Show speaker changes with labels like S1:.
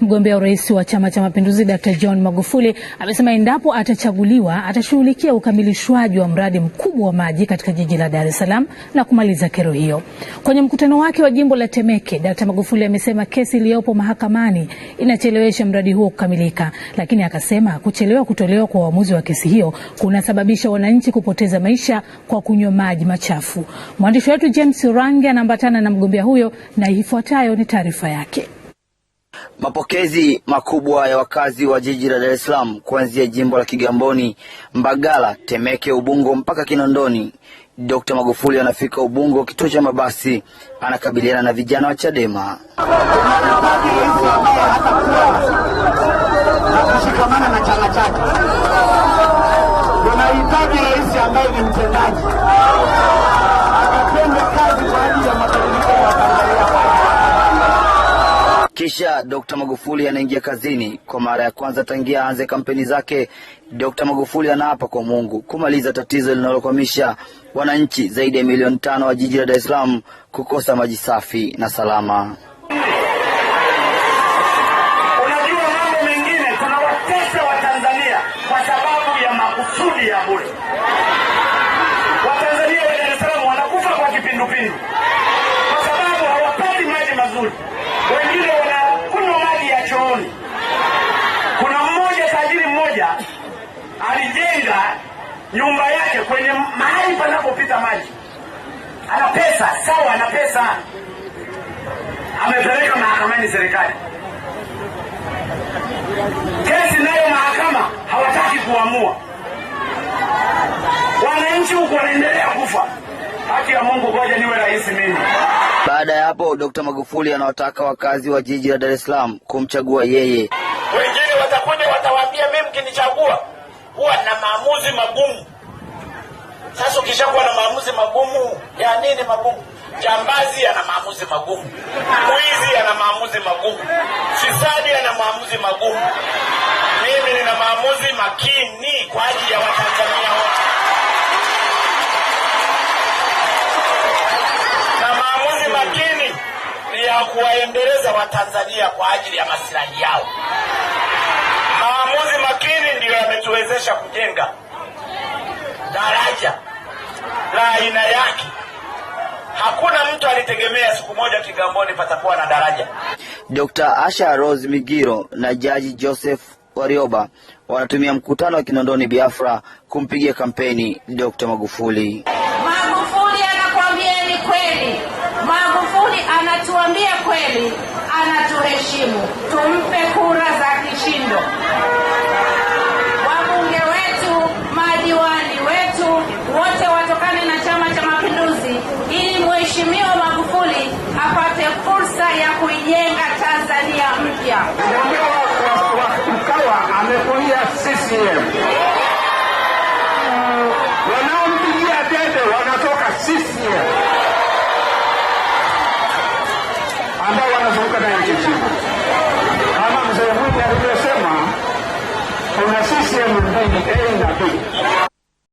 S1: Mgombea urais wa Chama cha Mapinduzi Dkt. John Magufuli amesema endapo atachaguliwa atashughulikia ukamilishwaji wa mradi mkubwa wa maji katika jiji la Dar es Salaam na kumaliza kero hiyo. Kwenye mkutano wake wa jimbo la Temeke, Dkt. Magufuli amesema kesi iliyopo mahakamani inachelewesha mradi huo kukamilika, lakini akasema kuchelewa kutolewa kwa uamuzi wa kesi hiyo kunasababisha wananchi kupoteza maisha kwa kunywa maji machafu. Mwandishi wetu James Rangi anaambatana na mgombea huyo na ifuatayo ni taarifa yake.
S2: Mapokezi makubwa ya wakazi wa jiji la Dar es Salaam kuanzia jimbo la Kigamboni, Mbagala, Temeke, Ubungo mpaka Kinondoni. Dkt. Magufuli anafika Ubungo kituo cha mabasi, anakabiliana na vijana wa Chadema. na chama chake, tunahitaji rais ambaye ni mtendaji Kisha Dr. Magufuli anaingia kazini kwa mara ya kwanza tangia aanze kampeni zake. Dr. Magufuli anaapa kwa Mungu kumaliza tatizo linalokwamisha wananchi zaidi ya milioni tano wa jiji la Dar es Salaam kukosa maji safi na salama. Unajua mambo mengine tunawatesa Watanzania kwa sababu ya makusudi ya bure. Watanzania wa Dar es Salaam wanakufa kwa kipindupindu kwa sababu hawapati maji mazuri wengine mkononi. Kuna mmoja tajiri mmoja alijenga nyumba yake kwenye mahali panapopita maji. Ana pesa sawa, ana pesa, amepeleka mahakamani serikali, kesi nayo mahakama hawataki kuamua, wananchi huku wanaendelea kufa. Haki ya Mungu, ngoja niwe rais mimi. Baada ya hapo, Dkt. Magufuli anawataka wakazi wa jiji la Dar es Salaam kumchagua yeye. Wengine watakuja watawaambia, mimi mkinichagua huwa na maamuzi magumu. Sasa ukishakuwa na maamuzi magumu ya nini magumu? Jambazi ana maamuzi magumu, mwizi ana maamuzi magumu, fisadi ana maamuzi magumu. Mimi nina maamuzi makini kwa ajili ya Watanzania wote. kuwaendeleza Watanzania kwa ajili ya maslahi yao. Maamuzi makini ndiyo yametuwezesha kujenga daraja la aina yake. Hakuna mtu alitegemea siku moja Kigamboni patakuwa na daraja. Dr. Asha Rose Migiro na Jaji Joseph Warioba wanatumia mkutano wa Kinondoni Biafra kumpigia kampeni Dr. Magufuli. kweli anatuheshimu, tumpe kura za kishindo. Wabunge wetu, madiwani wetu wote watokane na Chama cha Mapinduzi ili Mheshimiwa Magufuli apate fursa ya kuijenga Tanzania
S3: mpya. Mkawa ametuia CCM ええな。